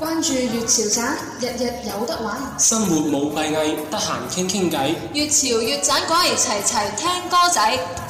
關注粵潮盞，日日有得玩。生活冇閉翳，得閒傾傾偈。粵潮粵盞過嚟齊齊聽歌仔。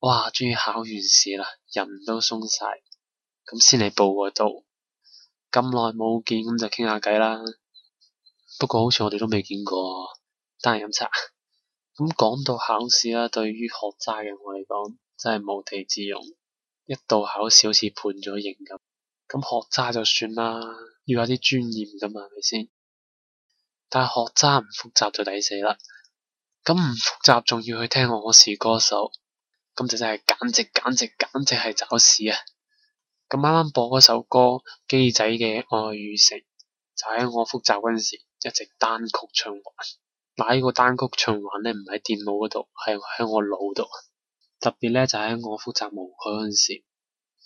哇！終於考完試啦，人都鬆晒，咁先嚟報個到。咁耐冇見，咁就傾下偈啦。不過好似我哋都未見過單，單係飲茶。咁講到考試啦，對於學渣嘅我嚟講，真係無地自容。一到考試好，好似判咗刑咁。咁學渣就算啦，要有啲尊嚴咁係咪先？但係學渣唔複習就抵死啦。咁唔複習仲要去聽我是歌手。咁就真係簡直簡直簡直係找屎啊！咁啱啱播嗰首歌《機仔嘅愛與誠》，就喺我複習嗰陣時，一直單曲循環。嗱，呢個單曲循環呢，唔喺電腦嗰度，係喺我腦度。特別呢，就喺、是、我複習毛概嗰陣時，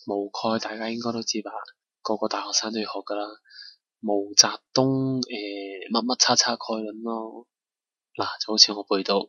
毛概大家應該都知道吧？個個大學生都要學噶啦。毛澤東誒乜乜叉叉概論咯，嗱、啊、就好似我背到。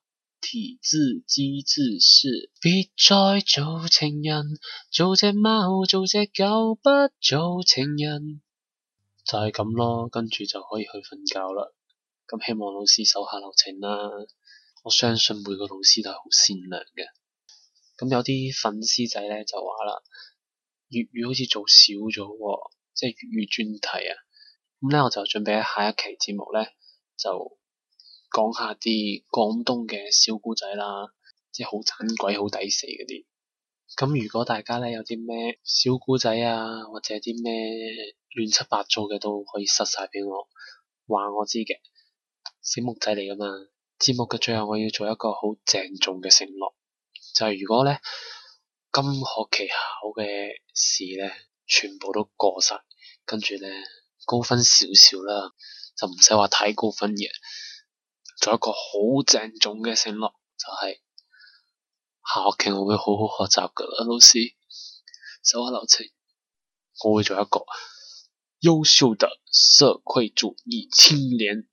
自欺自是，別再做情人，做隻貓，做隻狗，不做情人，就係咁咯。跟住就可以去瞓覺啦。咁希望老師手下留情啦。我相信每個老師都係好善良嘅。咁有啲粉絲仔咧就話啦，粵語好似做少咗喎，即係粵語專題啊。咁咧我就準備喺下一期節目咧就，講下啲廣東嘅小古仔啦，即係好盞鬼、好抵死嗰啲。咁如果大家咧有啲咩小古仔啊，或者啲咩亂七八糟嘅，都可以塞晒俾我，話我知嘅。醒目仔嚟噶嘛？節目嘅最後我要做一個好鄭重嘅承諾，就係、是、如果咧今學期考嘅試咧，全部都過晒，跟住咧高分少少啦，就唔使話太高分嘅。做一個好鄭重嘅承諾，就係、是、下學期我會好好學習噶啦，老師手下留情，我會做一個優秀的社會主義青年。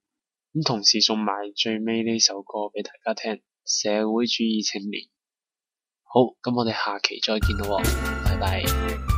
咁同時送埋最尾呢首歌俾大家聽《社會主義青年》。好，咁我哋下期再見啦，拜拜。